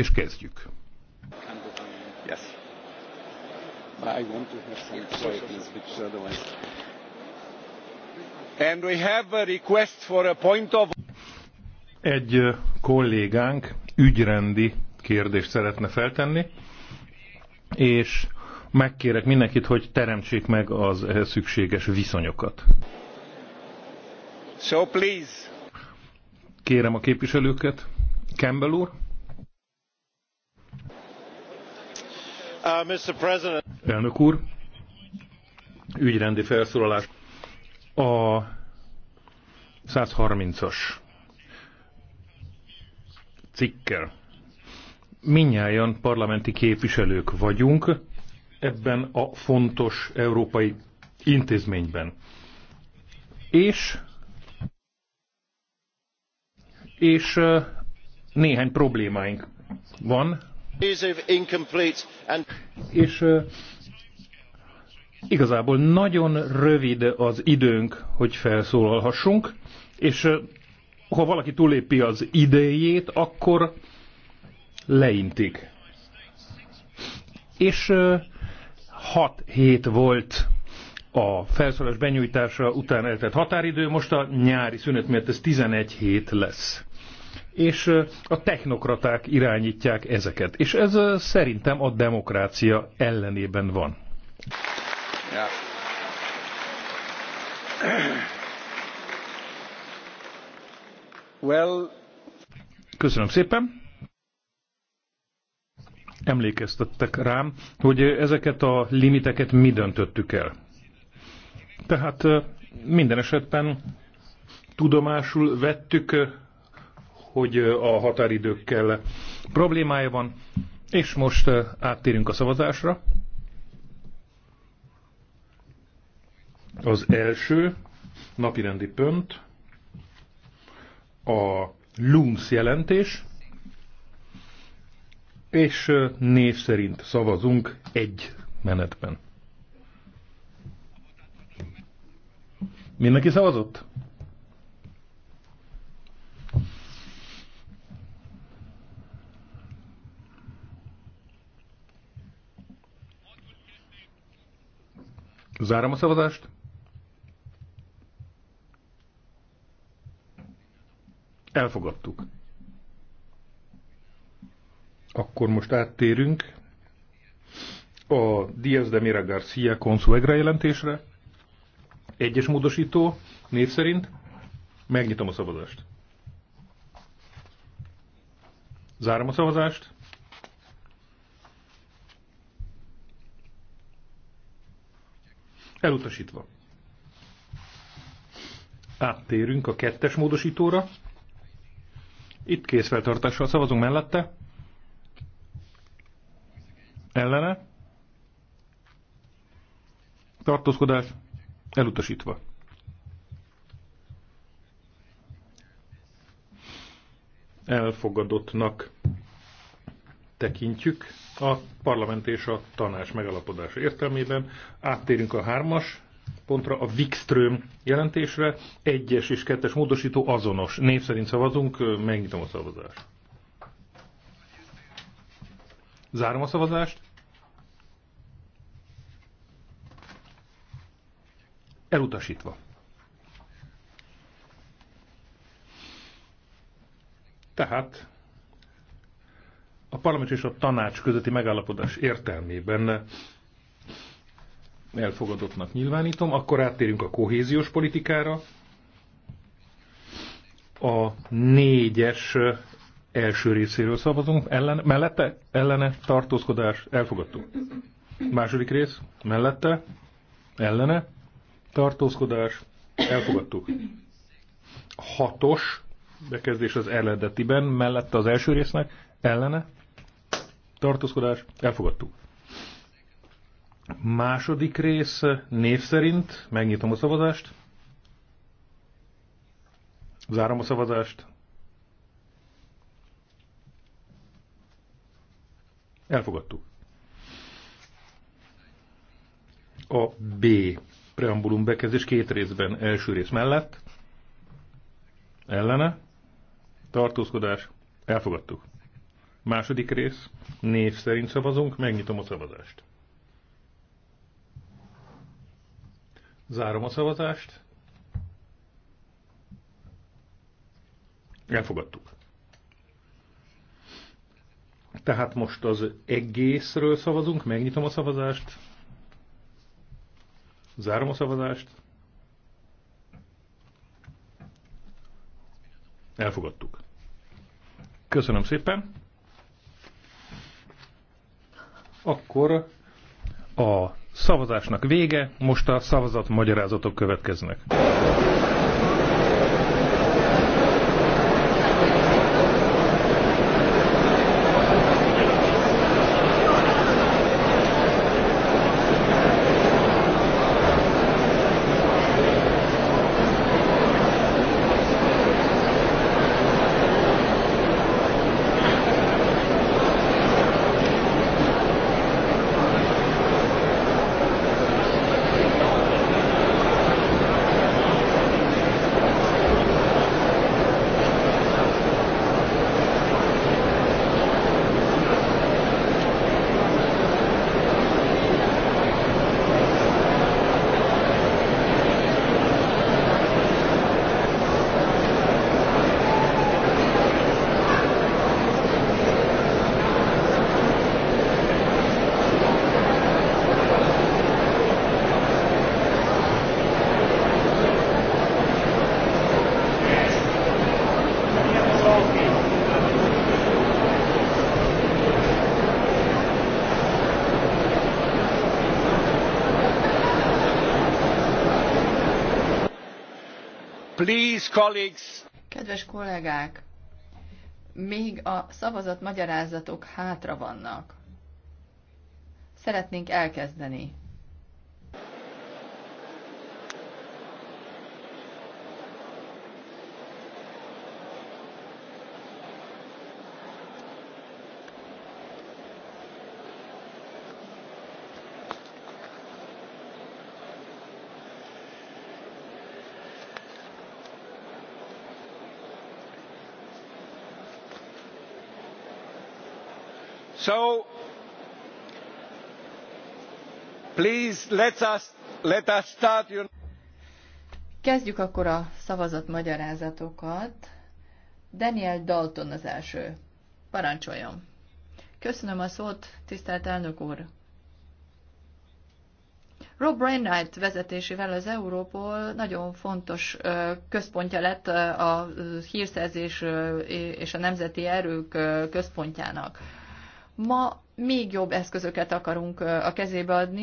és kezdjük. Egy kollégánk ügyrendi kérdést szeretne feltenni, és megkérek mindenkit, hogy teremtsék meg az ehhez szükséges viszonyokat. So please. Kérem a képviselőket. Campbell úr. Uh, Elnök úr, ügyrendi felszólalás. A 130-as cikkel. Minnyáján parlamenti képviselők vagyunk ebben a fontos európai intézményben. És, és uh, néhány problémáink van, és igazából nagyon rövid az időnk, hogy felszólalhassunk, és ha valaki túlépi az idejét, akkor leintik. És 6 hét volt a felszólás benyújtása után eltelt határidő, most a nyári szünet miatt ez 11 hét lesz és a technokraták irányítják ezeket. És ez szerintem a demokrácia ellenében van. Ja. Well. Köszönöm szépen. Emlékeztettek rám, hogy ezeket a limiteket mi döntöttük el. Tehát minden esetben tudomásul vettük hogy a határidőkkel problémája van, és most áttérünk a szavazásra. Az első napirendi pont a LUMS jelentés, és név szerint szavazunk egy menetben. Mindenki szavazott? Zárom a szavazást. Elfogadtuk. Akkor most áttérünk a Diaz de Mira Garcia Consuegra jelentésre. Egyes módosító név szerint megnyitom a szavazást. Zárom a szavazást. Elutasítva. Áttérünk a kettes módosítóra. Itt készfeltartással szavazunk mellette. Ellene. Tartózkodás. Elutasítva. Elfogadottnak tekintjük a parlament és a tanács megalapodása értelmében. Áttérünk a hármas pontra, a Wikström jelentésre. Egyes és kettes módosító azonos. Név szerint szavazunk, megnyitom a szavazást. Zárom a szavazást. Elutasítva. Tehát parlament és a tanács közötti megállapodás értelmében elfogadottnak nyilvánítom. Akkor áttérünk a kohéziós politikára. A négyes első részéről szavazunk, ellen, mellette, ellene, tartózkodás, elfogadtuk. Második rész, mellette, ellene, tartózkodás, elfogadtuk. Hatos bekezdés az eredetiben, mellette az első résznek, ellene, tartózkodás, elfogadtuk. Második rész név szerint, megnyitom a szavazást, zárom a szavazást, elfogadtuk. A B preambulum bekezdés két részben, első rész mellett, ellene, tartózkodás, elfogadtuk. Második rész. Név szerint szavazunk, megnyitom a szavazást. Zárom a szavazást. Elfogadtuk. Tehát most az egészről szavazunk, megnyitom a szavazást. Zárom a szavazást. Elfogadtuk. Köszönöm szépen. Akkor a szavazásnak vége, most a szavazatmagyarázatok következnek. Please, colleagues. Kedves kollégák, még a szavazat magyarázatok hátra vannak. Szeretnénk elkezdeni. so please let us, let us start your... Kezdjük akkor a szavazat magyarázatokat. Daniel Dalton az első. Parancsoljon. Köszönöm a szót, tisztelt elnök úr. Rob Brainwright vezetésével az Európol nagyon fontos központja lett a hírszerzés és a nemzeti erők központjának. Ma még jobb eszközöket akarunk a kezébe adni,